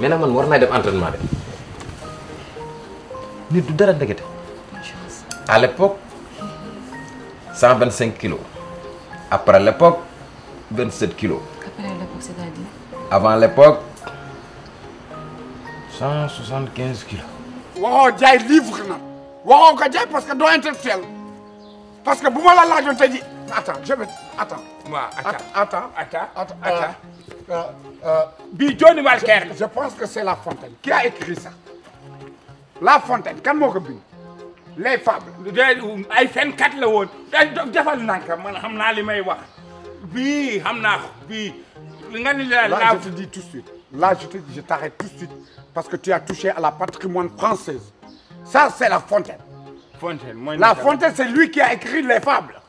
mais nag man war naa dem entraînement de nit du dara ndekete à l'époque cent vingt cinq kilos après l'époque vingt sept kilos. après l'époque c'est-à-dire. avant l'époque cent soixante quinze kilos. waxoo jaay livre na waxoo ko jaay parce que doo intellectuel parce que bu ma la laajoon tey jii attends je vais attends. waaw attends attends attends attends. Euh, euh, bii Johnny Walker la. je pense que c'est La Fontaine qui a écrit ça La Fontaine kan bi ko bind les fables. ay fenkat la woon defal naa li may wax bii xam naa ko bii. nga la là je te dis tout de suite là je t'arrête tout de suite parce que tu as touché à la patrimoine française ça c'est La Fontaine. Fontaine mooy la Fontaine c'est lui qui a écrit les fables.